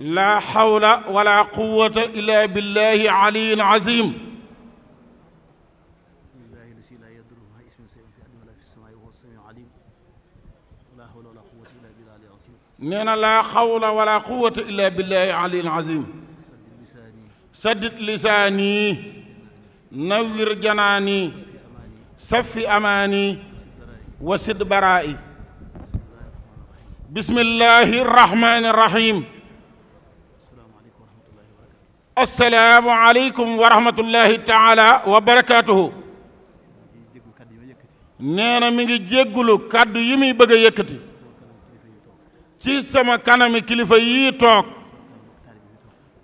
laa xawla wala quwata illa billahi aliyin azim nee na laa xawla wala quwata illa billahi aliyin azim saddit lisaani nawwir janaani safi amaani wasid baraa'i bismillahi rahmaani rahim assalaamu aleykum wa rahmatullahi taala wa barakaatuhu nee mi ngi jéggulu kàddu yi muy bëgg a ci sama kanami kilifa yii toog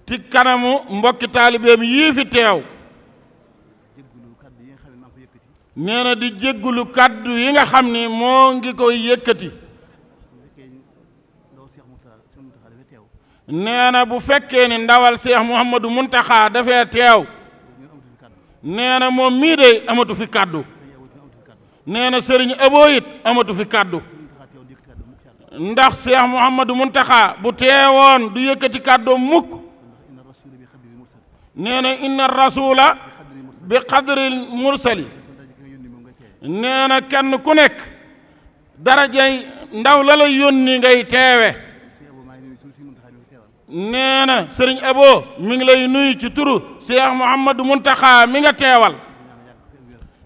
ci kanamu mbokki taalibeem yii fi teew nee di jéggulu kàddu yi nga xam ni moo ngi koy yëkkati nee na bu fekkee ni ndawal seex Muhammadu Muntaxa dafee teew nee na moom mii de fi kàddu nee na sëriñ Abo it amatu fi kàddu ndax seex Muhammadu Muntaxa bu teewoon du yëkkati kàddu mukk nee na inna rasula bi qadril mursali nee kenn ku nekk darajay ndaw la la yónni ngay teewe nee na sëriñ Abo mi ngi lay nuyu ci turu Cheikh Mouhamadou Mountakha mi nga teewal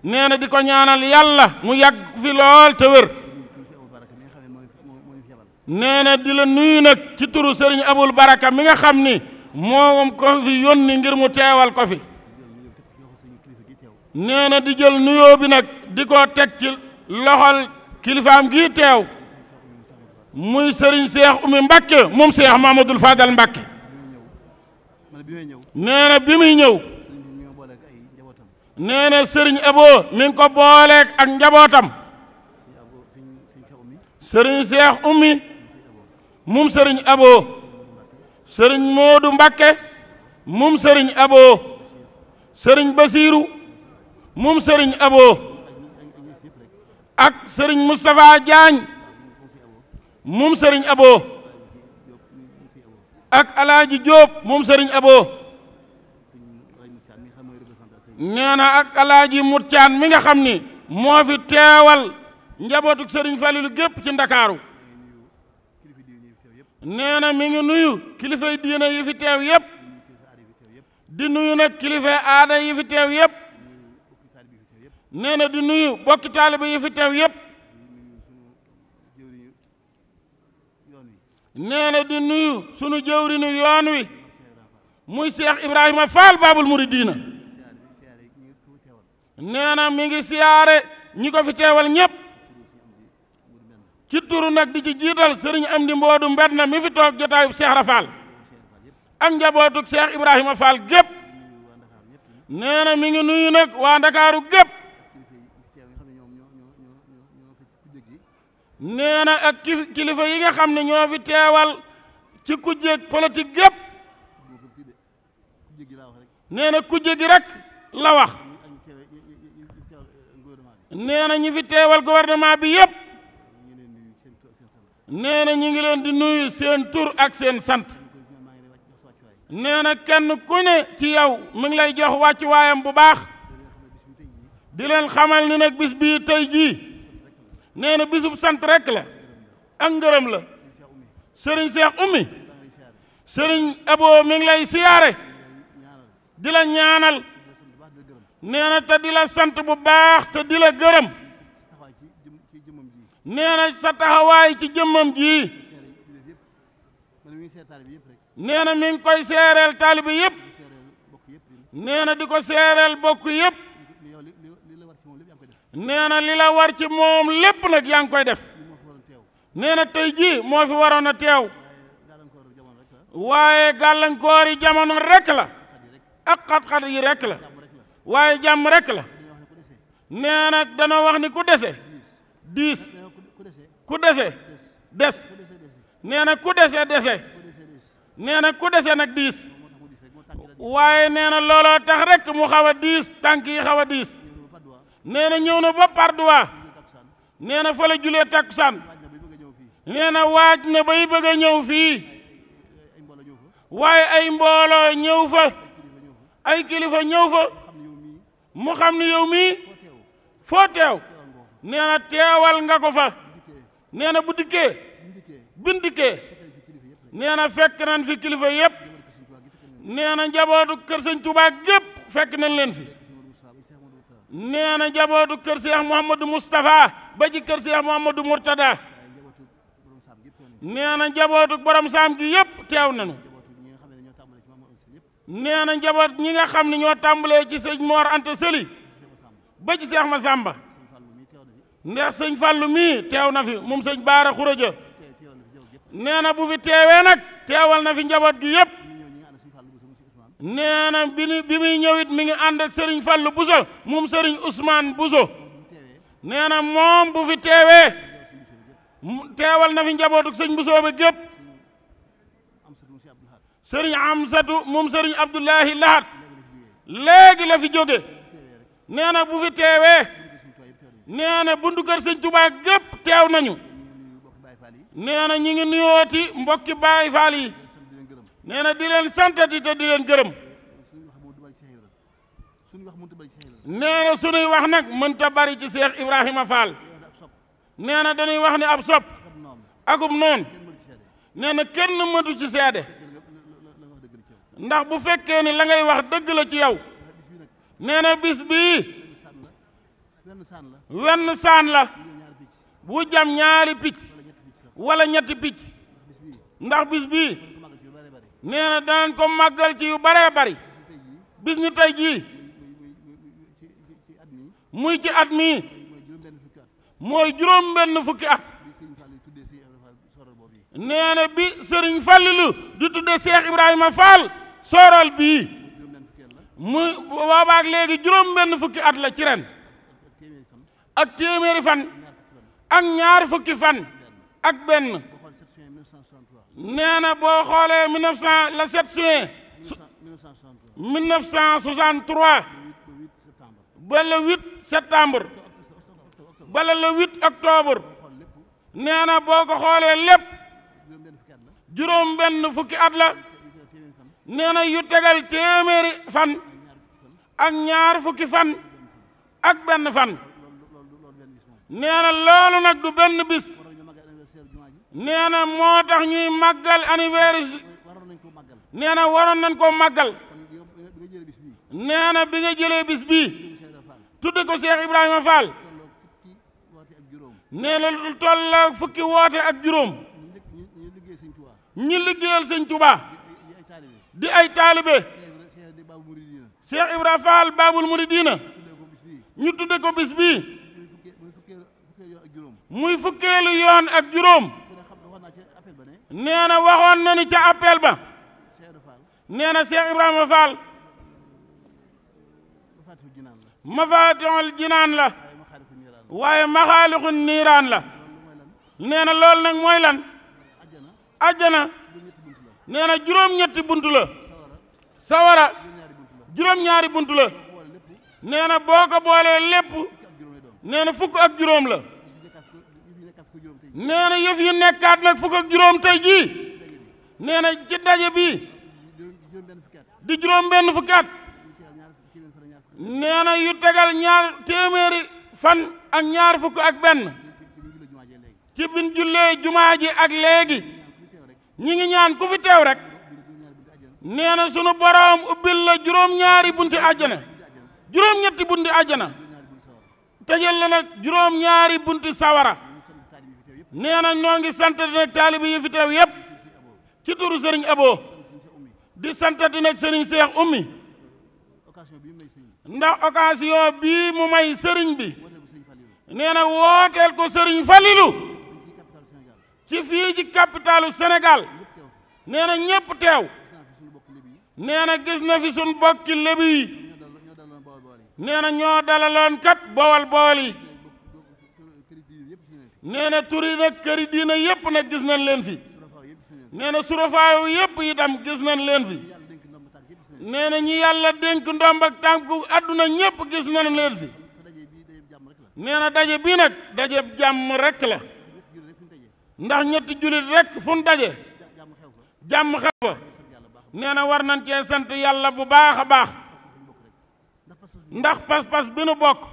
nee na di ko ñaanal yàlla mu yàgg fi lool te wér nee na di la nuyu nag ci turu sëriñ Abul Baraka mi nga xam ni moom ko fi yónni ngir mu teewal ko fi di jël nuyoo bi nag di ko teg ci loxol kilifaam gii teew muy Serigne Cheikh Oumy Mbacke moom Cheikh Mamadou Fadal Mbacke nee na bi muy ñëw nee na Serigne Abo mi ko booleeg ak njabootam Serigne Cheikh Oumy moom Serigne Abo Serigne Modou Mbacke moom Serigne Abo Serigne Basirou moom Serigne Abo ak Serigne Moustapha Diagne. moom sëriñ aboo ak alaaji jóob moom sëriñ aboo nee na ak alaaji mut caan mi nga xam ni moo fi teewal njabootuk sëriñ falilu gépp ci ndakaaru nee na mi ngi nuyu kilifay diina yi fi teew yépp di nuyu nag kilifay aada yi fi teew yépp nee na di nuyu bokki taaliba yi fi teew yépp nee di nuyu sunu jëwriñu yoon wi muy Cheikh Ibrahima Fall Babul Mouridina nee na mi ngi siyaare ñi ko fi teewal ñëpp ci turu nag di ci jiital sëriñ am di mboodu mbet na mi fi toog jotaayub Cheikh Rafal ak njabootug Cheikh Ibrahima Fall gépp nee mi ngi nuyu nag waa Ndakaaru gépp nee na ak kilifa yi nga xam ne ñoo fi teewal ci kujjeeg politique gépp nee na kujje gi rek la wax nee na ñi fi teewal gouvernement bi yépp nee na ñu ngi leen di nuyu seen tur ak seen sant nee na kenn ku ci yow mi ngi lay jox wàccuwaayam bu baax di leen xamal ni nag bis bii tey jii nee na bisub sant rekk la ak ngërëm la sëriñ Cheikh Oumy sëriñ Abo mi ngi lay siyaare di la ñaanal nee na dila sant bu baax te dila gërëm nee na sa taxawaay ci jëmmam jii nee na koy seereel taalibe yëpp nee na di ko seereel bokk yëpp nee na li la war ci moom lépp nag yaa ngi koy def nee na tey jii moo fi waroon a teew waaye gàllankoor yi jamono rek la ak xat-xat yi rek la waaye jàmm rekk la nee na danoo wax ni ku dese diis ku dese des nee na ku dese dese nee ku dese nag diis waaye nee na looloo tax rek mu xaw a diis tànk yi xaw diis nee na ñëw na ba Parduwa nee na fa la julee takkusaan nee na waaj na bay bëgg a ñëw fii waaye ay mbooloo ñëw fa ay kilifa ñëw fa mu xam ne yow mii foo teew nee na teewal nga ko fa nee na bu dikkee bindikee nee fi kilifa yépp nee njabootu kër sëñ Tuubaa gépp fekk nañ leen fi nee na njabootu kër Cheikh Mouhamadou Moustapha ba ci kër Cheikh Mouhamadou Mourtada nee na njabootu borom saam gi yëpp teew nañu nee na njaboot ñi nga xam ne ñoo tàmbalee ci sëñ Mor Anta Sëli ba ci Cheikh Massamba ndax sëñ Fàllu mii teew na fi moom sëñ Baara Xuraja nee na bu fi teewee nag teewal na fi njaboot gi yëpp nee na bi ni mi ngi ànd ak Serigne Fallou Bousso moom Serigne Ousmane Bousso nee moom bu fi teewee teewal na fi njabootuk sëñ Bousso bi gépp Serigne Amsatu moom Serigne Abdoulahi Lahat léegi la fi jóge nee na bu fi teewee nee na buntu kër sëñ Touba gépp teew nañu nee ñi nuyooti mbokki Baay Faal nee na di leen santati te di leen gërëm nee na suñuy wax nag mënta bari ci Cheikh Ibrahima Fall nee na dañuy wax ne ab sopp akum noon nee na kenn mëtu ci seede ndax bu fekkee ni la ngay wax dëgg la ci yow nee na bis bii wenn saan la bu jam ñaari picc wala ñetti picc ndax bis bii nee na danañ ko màggal ci yu baree bari bis tey jii muy ci at mii mooy juróom benn fukki at nee na bi sëriñ Fàllilu di tudde Seex Ibrahima Fall sooral bii muy boobaak léegi juróom benn fukki at la ci ren ak téeméeri fan ak ñaar fukki fan ak benn nee na boo xoolee mille neuf cent le sept juin mille neuf cent soixante trois ba le huit septembre bala le huit octobre nee na boo ko xoolee lépp juróom benn fukki at la nee na yu tegal téeméeri fan ak ñaar fukki fan ak benn fan nee loolu nag du benn bis nee na moo tax ñuy màggal anniversaire nee na nañ koo màggal nee na bi nga jëlee bis bii tudde ko Cheikh Ibrahima Fall nee na fukki woote ak juróom ñi liggéeyal sëñ Touba di ay taalibe Cheikh Ibrahima Fall Babul Mouridina ñu tudde ko bis muy fukkeelu yoon ak juróom nee na waxoon na ni ca appel ba nee na Cheikh Ibrahima Fall mafaatihul jinaan la waaye maxaalixul niiraan la nee na loolu nag mooy lan ajjana nee na juróom-ñetti buntu la sawara juróom-ñaari buntu la nee na boo ko boolee lépp nee fukk ak juróom la nee na yëf yi nekkaat nag fukk juróom tey jii nee na ci daje bii di juróom benn fukki at yu tegal ñaar téeméeri fan ak ñaar fukk ak benn ci bin jullee jumaa ji ak léegi ñi ngi ñaan ku fi teew rek nee na sunu boroom ubbil la juróom-ñaari bunti àjjana juróom-ñetti bunti àjjana tëjal la nag juróom-ñaari bunti sawara nee na ñoo ngi santati nag taalibe yi fi teew yépp ci turu sëriñ di santati nag sëriñ Seex Ummi ndax occasion bii mu may sëriñ bi nee na wooteel ko sëriñ Falilu ci fii ci capitalu Sénégal nee na ñépp teew nee na gis na fi suñ bokki lébi yi nee na ñoo dalaloon kat bowal bowal nee na turi nag këri diina yépp nag gis nañ leen fi nee na surafaayu yépp itam gis nañ leen fi nee na ñi yàlla dénk ndomb ak tànku àdduna ñépp gis nañ leen fi nee na daje bii nag daje bi jàmm rekk la ndax ñetti jullit rekk fu nu daje jàmm xew fa nee na war nañ cee sant yàlla bu baax a baax ndax pas-pas bi nu bokk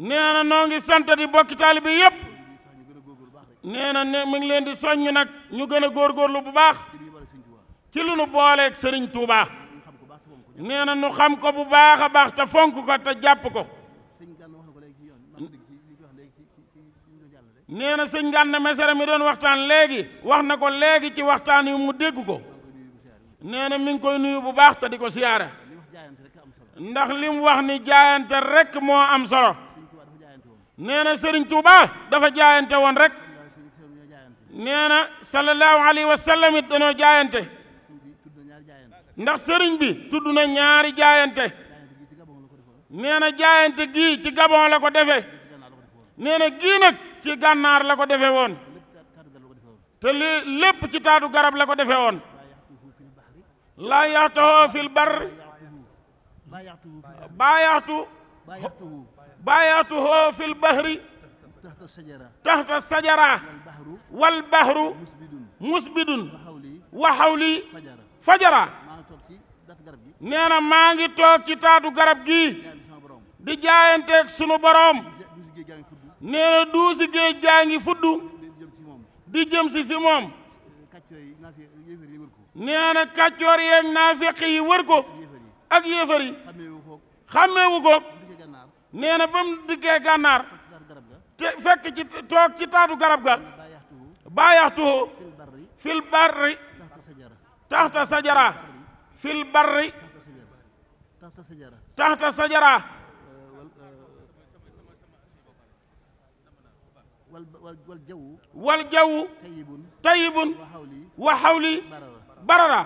nee na noo ngi sant di bokki taalibe bi yëpp nee na mi ngi leen di soññ nag ñu gën a góorgóorlu bu baax ci lu nu booleeg sëriñ Touba nee na nu xam ko bu baax a baax te fonk ko te jàpp ko nee na sëñ Gana Mesere mi doon waxtaan léegi wax na ko léegi ci waxtaan yu mu dégg ko nee na mi ngi koy nuyu bu baax ta di ko siyaare ndax li mu wax ni jaayante rekk moo am solo nee na sëriñ Tuuba dafa jaayante woon rek nee na sallallahu alayhi wa sallam it jaayante ndax sëriñ bi tudd na ñaari jaayante nee na jaayante gii ci Gabon la ko defee nee na gii nag ci gànnaar la ko defee woon te li lépp ci taatu garab la ko defee woon laa yaxtahu fil bar baa yaxtu bayaatuhoo fil bahri taxta sajara taxta wal bahru musbidun wa fajara nee na maa garab gii di jaayanteeg sunu boroom nee na duusi géej gaa di jëm si si moom eh, nee na kàccoor yi wër ak yéefar yi ko nee na ba mu gànnaar te fekk ci toog ci taatu garab ga baayaxtuhu fil barri taxta sajara fil barri taxta sajara wal jawwu tayyibun wa xawli barara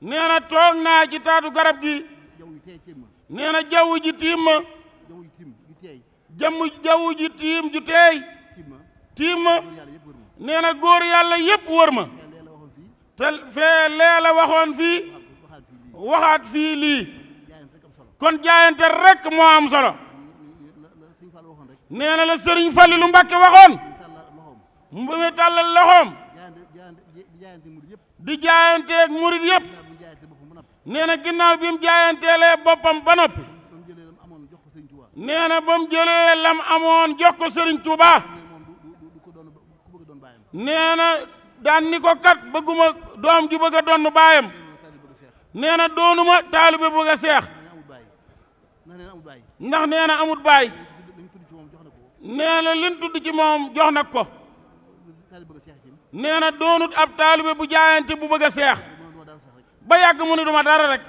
nee toog naa ci taatu garab gi nee na ji tiim jaww ji tiim ju teey jaww ji tiim ma nee na góor yàlla yépp wër ma te fee lee la waxoon fii waxaat fii lii kon jaayante rekk moo am solo nee na la sëriñ Fallilu Mbàkke waxoon mu mi tàllal di jaayanteeg murit yépp nee ginnaaw bi mu boppam ba nee na ba mu jëlee lam amoon jox ko Serigne Touba nee na daan ni ko kat bëgguma doom ju bëgg a donn baayam nee na doonuma taalibe bëgg a seex ndax nee na amut baay nee na liñ tudd ci moom jox nag ko nee na doonut ab taalibe bu jaayante bu bëgg a seex ba yàgg mu ne duma dara rek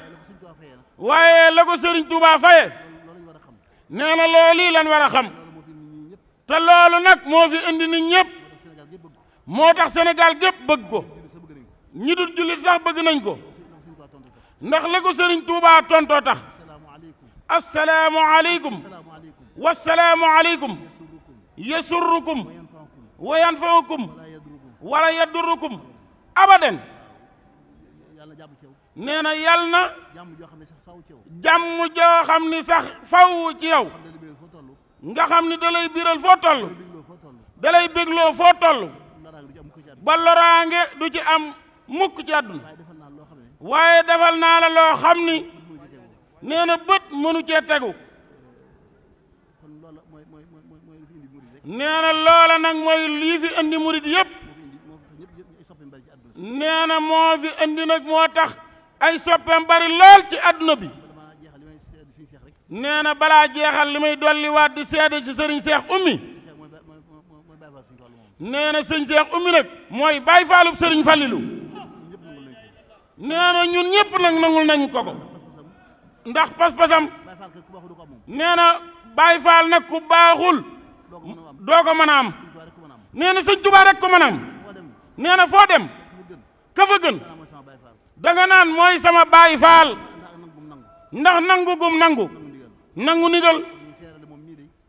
waaye la ko Serigne Touba faye nee na loolu yi lan xam te loolu nag moo fi indi nit ñëpp moo tax senegal gépp bëgg ko ñi jullit sax bëgg nañ ko ndax la ko sëriñ Tuubaa tontoo tax assalaamu aleykum wassalaamu aleykum yasurrukum wa yanfaukum wala yadurrukum abadan nee na yal na jàmm joo xam ne sax faw ci yow ni sax faw ci yow nga xam ni dalay biral foo toll dalay bégloo foo toll ba loraange du ci am mukk ci àdduna waaye defal naa la loo xam ni nee na bët mënu cee tegu nee na loola nag mooy lii fi indi murit yëpp nee moo fi indi nag moo tax ay soppeem bari laal ci àdduna bi nee na balaa jeexal li may dolliwaat di seede ci sëriñ seex ummi nee na sëñ seex ummi nag mooy bàyyi faalub sëriñ fàllilu nee na ñun ñëpp nag nangul nañ ko ko ndax pas-pasam nee na faal nag baaxul doo ko mën a am nee sëñ tubaa rek ko mën a am nee foo dem ka danga naan mooy sama baay faal ndax nangu gum nangu nangu ni dal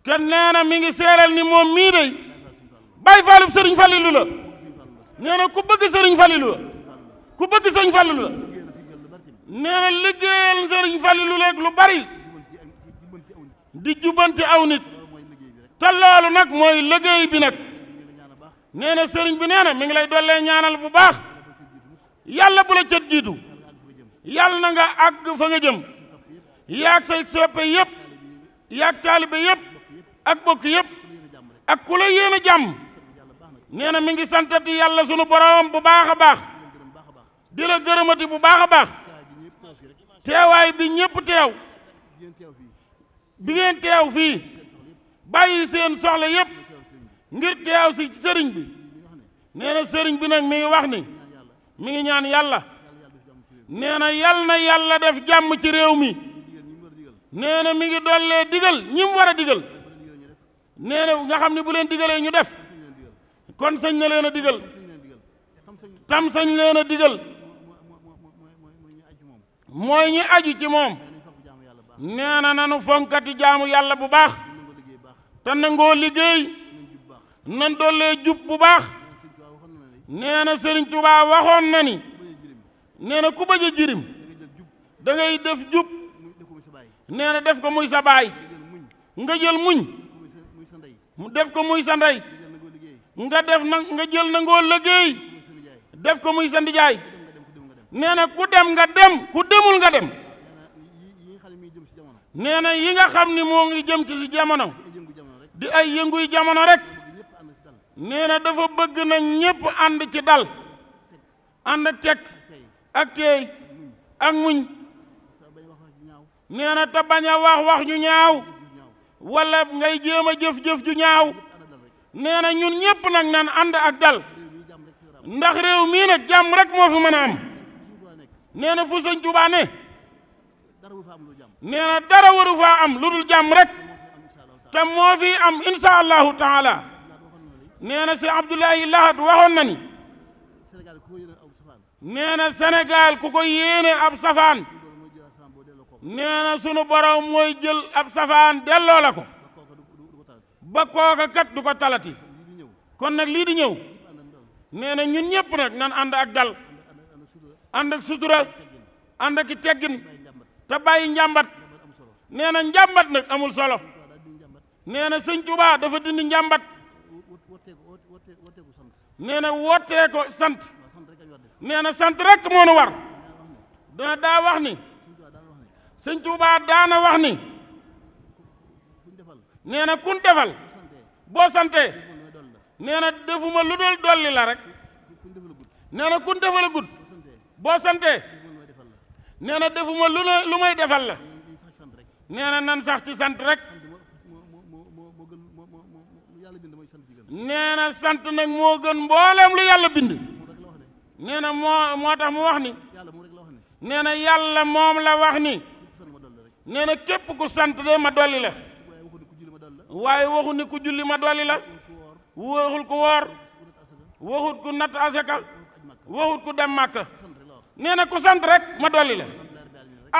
kenn nee na mi ngi seeral ni moom mii day baay faalub sëriñ fàllilu la ku bëgg sëriñ fàllilu la ku bëgg sëriñ fàllilu la liggéeyal sëriñ fàllilu la lu bari di jubanti aw nit te nag mooy liggéey bi nag nee sëriñ bi nee na mi ngi lay dollee ñaanal bu baax yàlla bu la cat jiitu yàlla na nga àgg fa nga jëm yaag say soppe yëpp yaag taalibe yëpp ak bokk yëpp ak ku la yéen a jàmm nee na mi ngi santati yàlla sunu boroom bu baax a baax di la gërëmati bu baax a baax teewaay bi ñëpp teew bi ngeen teew fii bàyyi seen soxla yëpp ngir teew si sëriñ bi nee sëriñ bi nag mi ngi ni mi ngi ñaan yàlla nee na yal na yàlla def jàmm ci réew mi nee na mi ngi dollee digal ñi mu war a digal nee nga xam ne bu leen digalee ñu def kon sëñ na leen a digal tam sañ leen a digal mooy ñi aju ci moom nee na nanu fonkati jaamu yàlla bu baax te nangoo liggéey nan dollee jub bu baax nee na Sëriñ Tuubaa waxoon na ni nee na ku bëj a jirim dangay ngay def jub nee na def ko muy sa baay nga jël muñ mu def ko muy sa ndey nga def na nga jël nangoo liggéey def ko muy sa ndijaay nee na ku dem nga dem ku demul nga dem nee na yi nga xam ni moo ngi jëm ci si jamono di ay yënguy jamono rek nee na dafa bëgg na ñépp ànd ci dal ànd ak ak teey ak muñ nee na te wax wax ñu ñaaw walla ngay jéem a jëf-jëf ju ñaaw nee na ñun ñépp nag nan ànd ak dal ndax réew mii nag jàmm rek moo am nee na fu sëñ Tuubaa ne nee dara waru faa am lu dul jàmm rek te moo am insha allahu taala nee na si Abdoulaye Lahad waxoon na neena senegaal na ku ko yéene ab safaan nee na sunu borom mooy jël ab safaan delloo la ko ba kooka kat du ko talati kon nag lii di ñëw nee na ñun ñëpp nag nan ànd ak dal ànd ak sutura ànd ak teggin te bàyyi njàmbat nee na njàmbat nag amul solo nee na sëñ dafa dindi njàmbat nee na wootee ko sant nee na sant rek moo nu war daa wax ni sëñ Tuubaa daana wax ni nee na kun defal boo santee nee na defuma lu dul dolli la rek nee na kun defal gud boo santee nee na defuma lu lu may defal la nee na nan sax ci sant rek nee sant nag moo gën mbooleem lu yàlla bind nee na moo moo tax mu wax ni nee yàlla moom la wax ni nee képp ku sant de ma dolli la waaye waxu ni ku julli ma dolli la waxul ku woor waxut ku natt asaka waxut ku dem màkka nee ku sant rek ma dolli la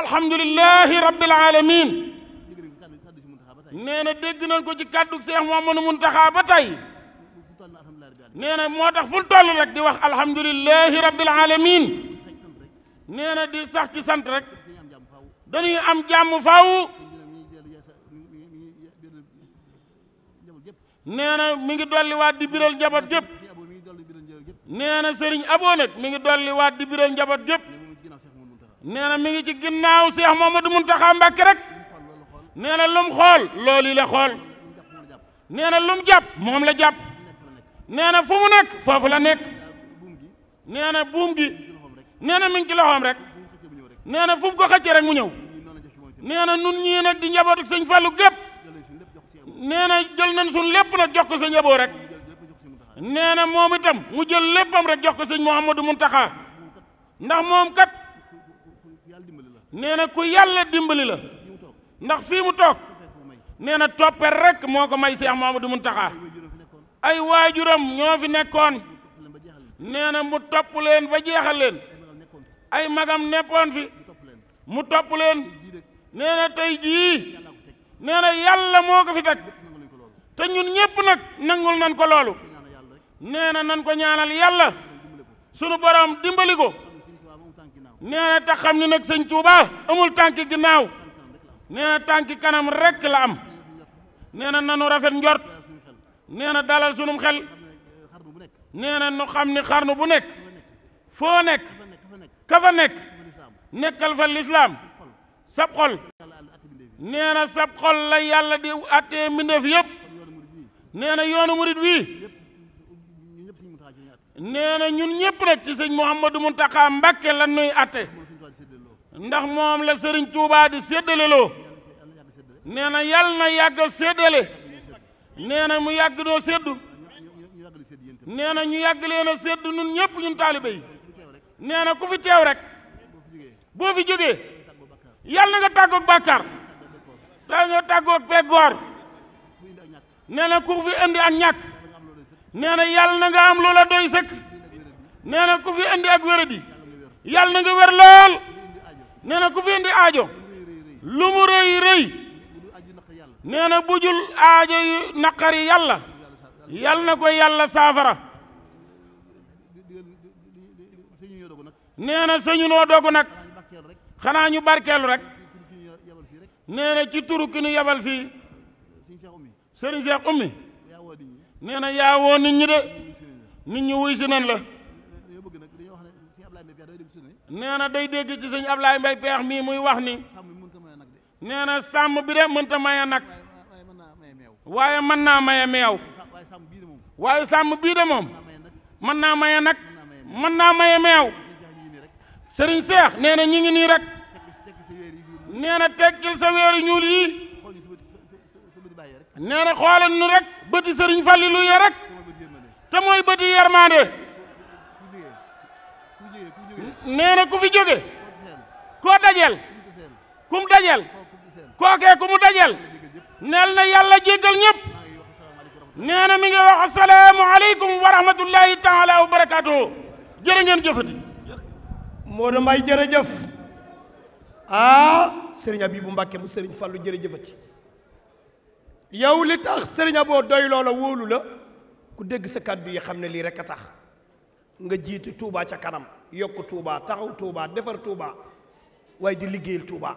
alhamdulilahi rabbil alamin nee na ko ci kàddu Seex Mamadu Muntaxa ba tey nee na moo tax ful toll rek di wax alhamdulilahi rabbil alamin nee na di sax ci sant rek dañuy am jàmm faaw nee na mi ngi dolliwaat di biral njaboot gépp nee na sëriñ aboo nag mi ngi dolliwaat di biral njaboot gépp nee na mi ngi ci ginnaaw Seex Mamadu Muntaxa Mbàkke rek nee na lum xool loolu xool nee na lum jàpp moom la jàpp nee na fu mu nekk foofu la nekk nee na buum gi nee na mi ngi ci loxoom rek nee na fu mu ko xëccee rek mu ñëw nee na nun ñii di njabootu sëñ Fallou gépp nee na jël nañ suñ lépp na jox ko sa njaboo rek nee na moom itam mu jël léppam rek jox ko sëñ Mouhamadou Mountakha ndax moom kat nee na ku yàlla dimbali la ndax fii mu toog nee na toppee rek moo ko may Cheikh Mouhamadou Mountakha ay waajuram ñoo fi nekkoon nee na mu topp leen ba jeexal leen ay magam nekkoon fi mu topp leen nee tey jii nee na yàlla moo ko fi teg te ñun ñépp nag nangul nan ko loolu nee na nan ko ñaanal yàlla sunu borom dimbali ko nee na te xam ni nag sëñ Tuuba amul tànki ginnaaw neena na tànki kanam rekk la am nee na nanu rafet njort nee na dalal sunum xel nee na nu xam ni xarnu bu nekk foo nekk ka nekk nekkal fa lislaam sab xol nee na sab xol la yàlla di attee mbindeef yëpp nee na yoonu wii nee ñun ñëpp nag ci sëñ Mouhamadou Mountakha Mbacké lan nuy atte ndax moom la sëriñ Touba di séddale loo nee na yàlla na yàgg séddale nee na mu yàgg noo séddu nee na ñu yàgg leen a séddu ñun ñëpp ñun taalibe yi nee na ku fi teew rek boo fi jógee yàlla na nga tàggoog bàkkaar ta nga tàggoog peggoor nee na ku fi indi ak ñàkk nee na yàlla na nga am loola doy sëkk nee na ku fi indi ak wéradi yàlla nga wér lool nee na ku fi indi aajo lu mu rëy nee na bu jul aajo yu naqari yàlla yàlla na ko yàlla saafara nee na sëñu noo dogu nag xanaa ñu barkeelu rek nee na ci turu ki ñu yebal fii sëriñ Cheikh Oumy nee na yaawoo nit ñi de nit ñi wuy si nañ la nee na day dégg ci sëñ Ablaye Mbaye peex mii muy wax ni nee na sàmm bi de mënta maye nag waaye mën naa maye meew waaye sàmm bii moom mën naa maye nag mën naa maye meew sëriñ seex nee na ñu ngi rek nee tekkil sa weeru ñuul yi nee na rek bëti sëriñ Fallilou ya rek te mooy bëti yermande nee na jóge koo dajel kum dajel kookee ku mu dajal neel na yàlla jéggal ñëpp nee na mi ngi wax asalaamu aleykum wa rahmatullahi barakaatu jërë ngeen jëfati Modou Mbaye jërëjëf ah sëriñ Abibou Mbacke mu sëriñ Fallou jërëjëfati yow li tax sëriñ Abo doy loola wóolu ku dégg sa kàddu yi xam ne lii rek a tax nga jiite tuuba ca kanam yokk tuuba taxaw Touba defar Touba waaye di liggéeyal Touba